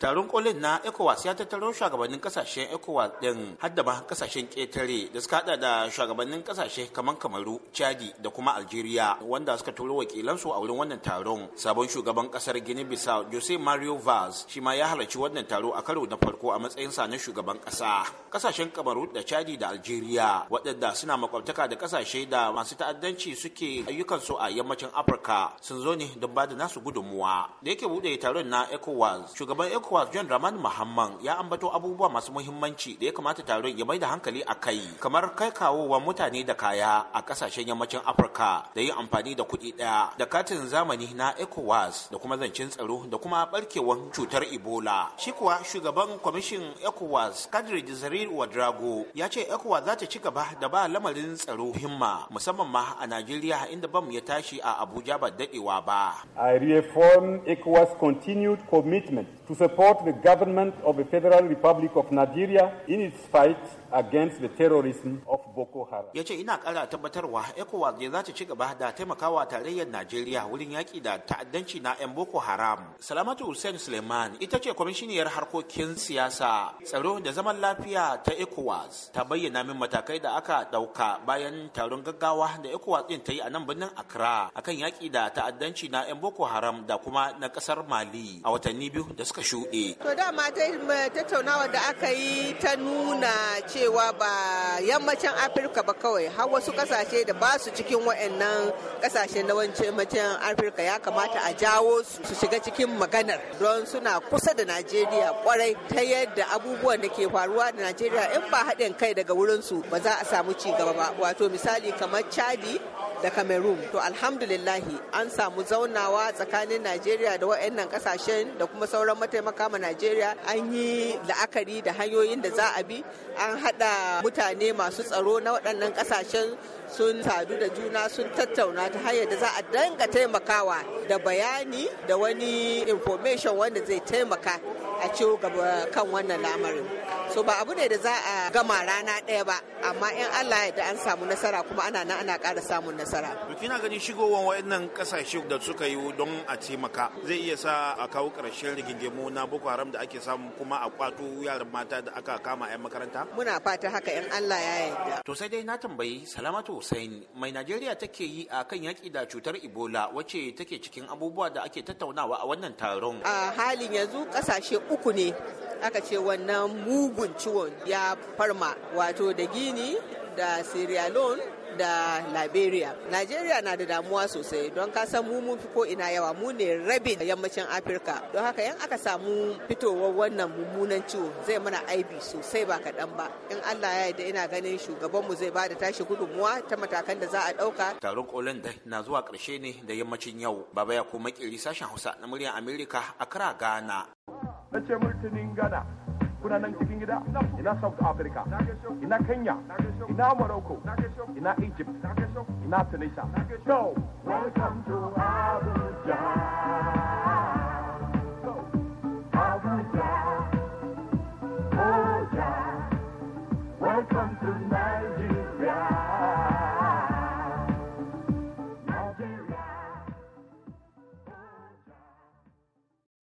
taron kolin na ecowas ya tattaro shugabannin kasashen ecowas din har da ma kasashen ketare da suka hada da shugabannin kasashe kamar kamaru chadi da kuma algeria wanda suka turo wakilansu a wurin wannan taron sabon shugaban kasar guinea bissau jose mario vaz shi ma ya halarci wannan taro a karo na farko a matsayin sa na shugaban kasa kasashen kamaru da chadi da algeria waɗanda suna makwabtaka da kasashe da masu ta'addanci suke ayyukansu a yammacin afirka sun zo ne don ba da nasu gudunmuwa da yake buɗe taron na ecowas shugaban ECOWAS John Rahman Mahamman ya ambato abubuwa masu muhimmanci da ya kamata taron ya mai da hankali a kai kamar kai kawowa mutane da kaya a kasashen yammacin Afirka da yin amfani da kuɗi ɗaya da katin zamani na ECOWAS da kuma zancen tsaro da kuma barkewar cutar Ebola. Shi kuwa shugaban kwamishin ECOWAS Kadri Zarir Wadrago ya ce ECOWAS za ta ci gaba da ba lamarin tsaro himma musamman ma a Najeriya inda bam ya tashi a Abuja ba daɗewa ba. I reaffirm ECOWAS continued commitment to support support the government of the Federal Republic of Nigeria in its fight against the terrorism of Boko Haram. Ya ce ina kara tabbatarwa ECOWAS ne za ta ci gaba da taimakawa tarayyar Najeriya wurin yaƙi da ta'addanci na 'yan Boko Haram. Salamatu Hussein Suleiman ita ce kwamishiniyar harkokin siyasa tsaro da zaman lafiya ta ECOWAS ta bayyana min matakai da aka ɗauka bayan taron gaggawa da ECOWAS ɗin ta yi a nan birnin Accra akan yaƙi da ta'addanci na 'yan Boko Haram da kuma na ƙasar Mali a watanni biyu da suka shuɗe. To dama mm, tattaunawa da aka yi ta nuna cewa ba yammacin afirka ba kawai har wasu kasashe da ba su cikin wa'annan kasashe na wancan afirka ya kamata a jawo su su shiga cikin maganar don suna kusa da najeriya kwarai ta yadda abubuwan da ke faruwa da najeriya in ba haɗin kai daga wurinsu ba za a samu ci gaba ba wato misali kamar chadi da cameroon to alhamdulillahi an samu zaunawa tsakanin najeriya da waɗannan kasashen da kuma sauran mataimaka ma najeriya an yi la'akari da hanyoyin da za a bi an haɗa mutane masu tsaro na waɗannan kasashen sun sadu da juna sun tattauna ta hanyar da za a danga taimakawa da bayani da wani information wanda zai taimaka a ciwo gaba kan wannan lamarin so ba abu ne da za a gama rana ɗaya ba amma in allah ya da an samu nasara kuma ana nan ana ƙara samun nasara masara. kina ganin shigowar wannan kasashe da suka yi don a taimaka zai iya sa a kawo ƙarshen rigingimu na Boko Haram da ake samu kuma a kwato yaran mata da aka kama 'yan makaranta? Muna fata haka 'yan Allah ya yarda. To sai dai na tambayi Salamatu Hussein mai Najeriya take yi a kan yaƙi da cutar Ebola wacce take cikin abubuwa da ake tattaunawa a wannan taron. A halin yanzu ƙasashe uku ne aka ce wannan mugun ciwon ya farma wato da Gini da Sierra Leone da liberia nigeria na da damuwa sosai don ka san mu mun fi ko ina yawa mu ne rabin yammacin afirka don haka yan aka samu fitowar wannan mummunan ciwo zai mana aibi sosai ba kaɗan ba in allah ya yarda ina ganin shugabanmu zai ba da tashi gudunmuwa ta matakan da za a ɗauka taron kolin da na zuwa ƙarshe ne da yammacin yau baba ya kuma ƙiri sashen hausa na muryar america a kara gana. na ce ghana kuna nan cikin gida ina south africa ina kenya ina morocco ina egypt ina tunisia so welcome to abuja